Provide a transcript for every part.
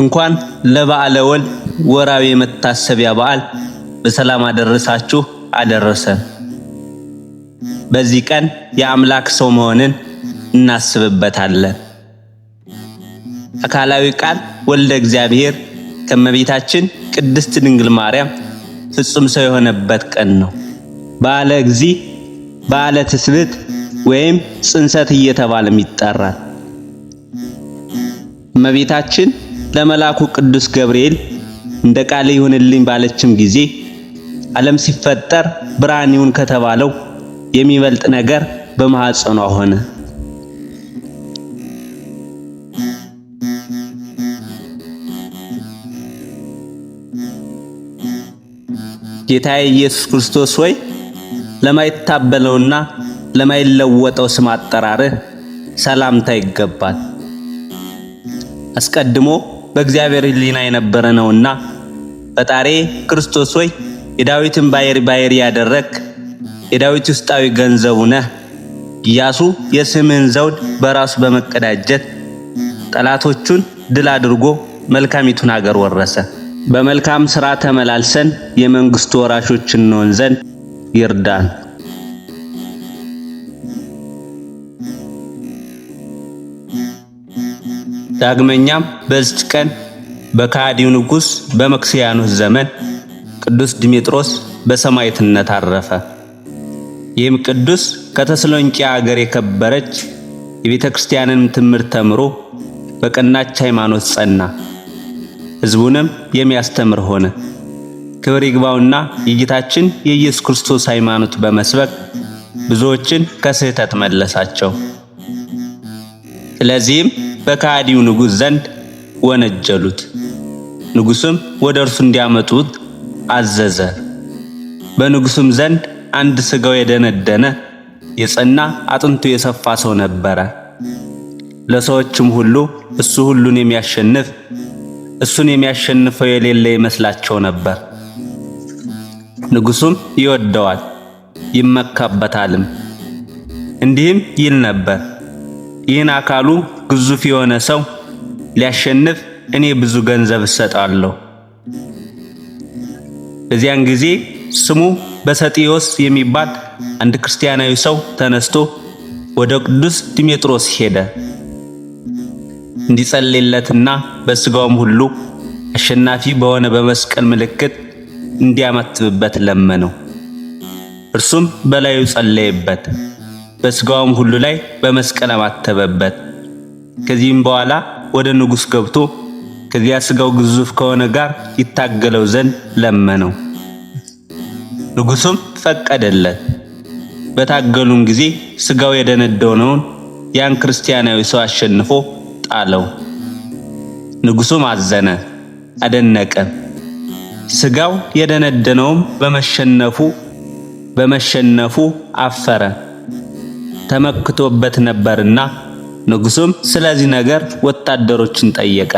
እንኳን ለበዓለ ወል ወራዊ የመታሰቢያ በዓል በሰላም አደረሳችሁ አደረሰን። በዚህ ቀን የአምላክ ሰው መሆንን እናስብበታለን። አካላዊ ቃል ወልደ እግዚአብሔር ከመቤታችን ቅድስት ድንግል ማርያም ፍጹም ሰው የሆነበት ቀን ነው። በዓለ እግዚእ፣ በዓለ ትስብእት ወይም ጽንሰት እየተባለም ይጠራል። እመቤታችን ለመልአኩ ቅዱስ ገብርኤል እንደ ቃል ይሁንልኝ ባለችም ጊዜ ዓለም ሲፈጠር ብርሃን ይሁን ከተባለው የሚበልጥ ነገር በማኅፀኗ ሆነ። ጌታዬ ኢየሱስ ክርስቶስ ሆይ ለማይታበለውና ለማይለወጠው ስም አጠራርህ ሰላምታ ይገባል። አስቀድሞ በእግዚአብሔር ሕሊና የነበረ ነውና ፈጣሪ ክርስቶስ ሆይ የዳዊትን ባይር ባይር ያደረግ የዳዊት ውስጣዊ ገንዘቡ ነህ። ኢያሱ የስምህን ዘውድ በራሱ በመቀዳጀት ጠላቶቹን ድል አድርጎ መልካሚቱን አገር ወረሰ። በመልካም ሥራ ተመላልሰን የመንግሥቱ ወራሾች እንሆን ዘንድ ይርዳን። ዳግመኛም በዚች ቀን በካዲው ንጉሥ በመክስያኖስ ዘመን ቅዱስ ዲሜጥሮስ በሰማዕትነት አረፈ። ይህም ቅዱስ ከተሰሎንቄ አገር የከበረች የቤተ ክርስቲያንን ትምህርት ተምሮ በቀናች ሃይማኖት ጸና። ሕዝቡንም የሚያስተምር ሆነ። ክብር ይግባውና የጌታችን የኢየሱስ ክርስቶስ ሃይማኖት በመስበክ ብዙዎችን ከስህተት መለሳቸው። ስለዚህም በካዲው ንጉሥ ዘንድ ወነጀሉት። ንጉስም ወደ እርሱ እንዲያመጡት አዘዘ። በንጉሥም ዘንድ አንድ ሥጋው የደነደነ የጸና አጥንቱ የሰፋ ሰው ነበረ። ለሰዎችም ሁሉ እሱ ሁሉን የሚያሸንፍ እሱን የሚያሸንፈው የሌለ ይመስላቸው ነበር። ንጉሡም ይወደዋል ይመካበታልም። እንዲህም ይል ነበር ይህን አካሉ ግዙፍ የሆነ ሰው ሊያሸንፍ እኔ ብዙ ገንዘብ እሰጣለሁ። በዚያን ጊዜ ስሙ በሰጢዮስ የሚባል አንድ ክርስቲያናዊ ሰው ተነስቶ ወደ ቅዱስ ዲሜጥሮስ ሄደ እንዲጸልይለትና በስጋውም ሁሉ አሸናፊ በሆነ በመስቀል ምልክት እንዲያማትብበት ለመነው። እርሱም በላዩ ጸለየበት። በስጋውም ሁሉ ላይ በመስቀል አማተበበት። ከዚህም በኋላ ወደ ንጉሥ ገብቶ ከዚያ ስጋው ግዙፍ ከሆነ ጋር ይታገለው ዘንድ ለመነው። ንጉሱም ፈቀደለት። በታገሉም ጊዜ ስጋው የደነደነውን ያን ክርስቲያናዊ ሰው አሸንፎ ጣለው። ንጉሱም አዘነ፣ አደነቀ። ስጋው የደነደነውም በመሸነፉ በመሸነፉ አፈረ። ተመክቶበት ነበርና ንጉሱም ስለዚህ ነገር ወታደሮችን ጠየቀ።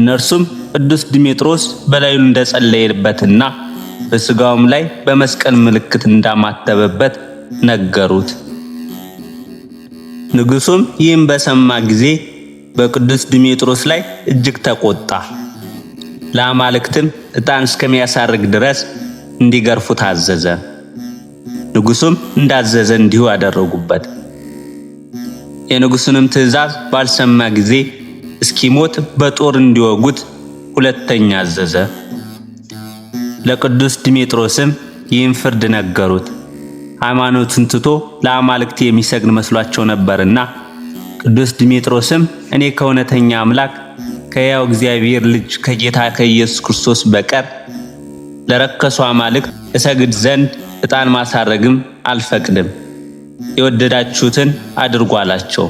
እነርሱም ቅዱስ ዲሜጥሮስ በላዩ እንደጸለየበትና በስጋውም ላይ በመስቀል ምልክት እንዳማተበበት ነገሩት። ንጉሱም ይህም በሰማ ጊዜ በቅዱስ ዲሜጥሮስ ላይ እጅግ ተቆጣ። ለአማልክትም ዕጣን እስከሚያሳርግ ድረስ እንዲገርፉት አዘዘ። ንጉሱም እንዳዘዘ እንዲሁ አደረጉበት። የንጉሱንም ትእዛዝ ባልሰማ ጊዜ እስኪሞት በጦር እንዲወጉት ሁለተኛ አዘዘ። ለቅዱስ ዲሜጥሮስም ይህን ፍርድ ነገሩት። ሃይማኖቱን ትቶ ለአማልክት የሚሰግድ መስሏቸው ነበርና ቅዱስ ዲሜጥሮስም እኔ ከእውነተኛ አምላክ ከያው እግዚአብሔር ልጅ ከጌታ ከኢየሱስ ክርስቶስ በቀር ለረከሱ አማልክት እሰግድ ዘንድ ዕጣን ማሳረግም አልፈቅድም፣ የወደዳችሁትን አድርጉ አላቸው።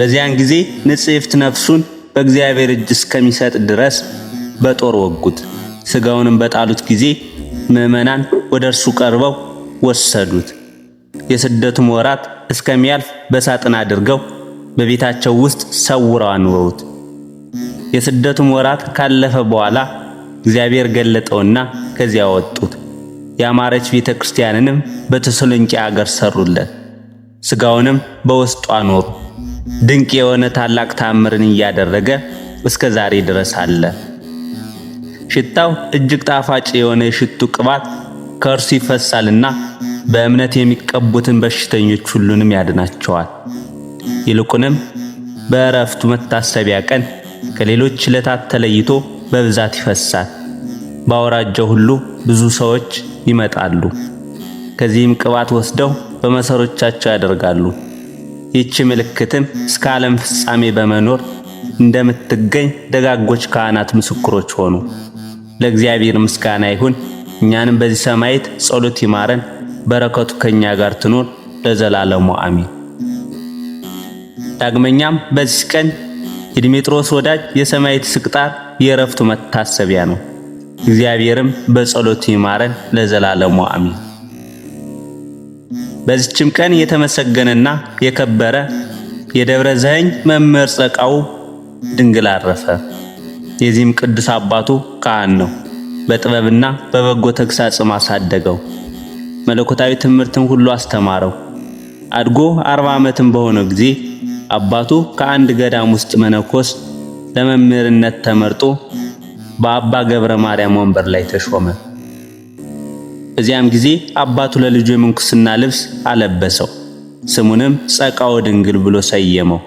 በዚያን ጊዜ ንጽሕት ነፍሱን በእግዚአብሔር እጅ እስከሚሰጥ ድረስ በጦር ወጉት። ስጋውንም በጣሉት ጊዜ ምዕመናን ወደ እርሱ ቀርበው ወሰዱት። የስደቱም ወራት እስከሚያልፍ በሳጥን አድርገው በቤታቸው ውስጥ ሰውረው አኑረውት። የስደቱም ወራት ካለፈ በኋላ እግዚአብሔር ገለጠውና ከዚያ ወጡት። ያማረች ቤተ ክርስቲያንንም በተሰሎንቄ አገር ሰሩለት። ስጋውንም በውስጡ አኖሩ። ድንቅ የሆነ ታላቅ ታምርን እያደረገ እስከ ዛሬ ድረስ አለ። ሽታው እጅግ ጣፋጭ የሆነ የሽቱ ቅባት ከእርሱ ይፈሳልና በእምነት የሚቀቡትን በሽተኞች ሁሉንም ያድናቸዋል። ይልቁንም በእረፍቱ መታሰቢያ ቀን ከሌሎች ዕለታት ተለይቶ በብዛት ይፈሳል። በአውራጃው ሁሉ ብዙ ሰዎች ይመጣሉ። ከዚህም ቅባት ወስደው በመሰሮቻቸው ያደርጋሉ። ይህች ምልክትም እስከ ዓለም ፍጻሜ በመኖር እንደምትገኝ ደጋጎች ካህናት ምስክሮች ሆኑ። ለእግዚአብሔር ምስጋና ይሁን። እኛንም በዚህ ሰማዕት ጸሎት ይማረን፣ በረከቱ ከኛ ጋር ትኖር ለዘላለሙ አሜን። ዳግመኛም በዚህ ቀን የድሜጥሮስ ወዳጅ የሰማዕት ስቅጣር የእረፍቱ መታሰቢያ ነው። እግዚአብሔርም በጸሎቱ ይማረን ለዘላለሙ አሜን። በዚችም ቀን የተመሰገነና የከበረ የደብረ ዘህኝ መምህር ጸቃው ድንግል አረፈ። የዚህም ቅዱስ አባቱ ካህን ነው። በጥበብና በበጎ ተግሳጽም አሳደገው። መለኮታዊ ትምህርትን ሁሉ አስተማረው። አድጎ አርባ ዓመትም በሆነው ጊዜ አባቱ ከአንድ ገዳም ውስጥ መነኮስ ለመምህርነት ተመርጦ በአባ ገብረ ማርያም ወንበር ላይ ተሾመ። በዚያም ጊዜ አባቱ ለልጁ የምንኩስና ልብስ አለበሰው። ስሙንም ጸቃወ ድንግል ብሎ ሰየመው።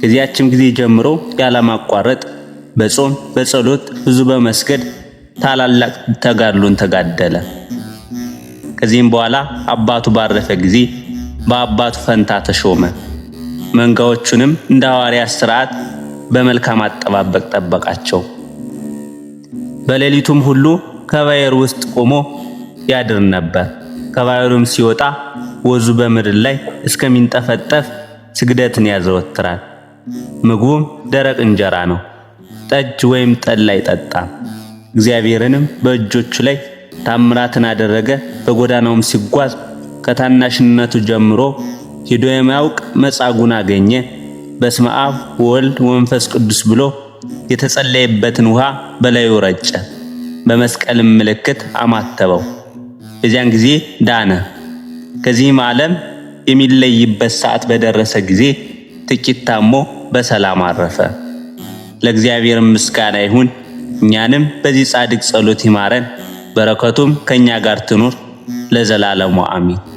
ከዚያችም ጊዜ ጀምሮ ያለማቋረጥ በጾም በጸሎት ብዙ በመስገድ ታላላቅ ተጋድሎን ተጋደለ። ከዚህም በኋላ አባቱ ባረፈ ጊዜ በአባቱ ፈንታ ተሾመ። መንጋዎቹንም እንደ ሐዋርያ ሥርዓት በመልካም አጠባበቅ ጠበቃቸው። በሌሊቱም ሁሉ ከባየር ውስጥ ቆሞ ያድር ነበር። ከባየሩም ሲወጣ ወዙ በምድር ላይ እስከሚንጠፈጠፍ ስግደትን ያዘወትራል። ምግቡም ደረቅ እንጀራ ነው። ጠጅ ወይም ጠላ አይጠጣም። እግዚአብሔርንም በእጆቹ ላይ ታምራትን አደረገ። በጎዳናውም ሲጓዝ ከታናሽነቱ ጀምሮ ሄዶ የማያውቅ መጻጉን አገኘ። በስመ አብ ወልድ ወመንፈስ ቅዱስ ብሎ የተጸለየበትን ውሃ በላዩ ረጨ። በመስቀልም ምልክት አማተበው። በዚያን ጊዜ ዳነ። ከዚህም ዓለም የሚለይበት ሰዓት በደረሰ ጊዜ ጥቂት ታሞ በሰላም አረፈ። ለእግዚአብሔር ምስጋና ይሁን። እኛንም በዚህ ጻድቅ ጸሎት ይማረን፣ በረከቱም ከኛ ጋር ትኑር ለዘላለሙ አሚን።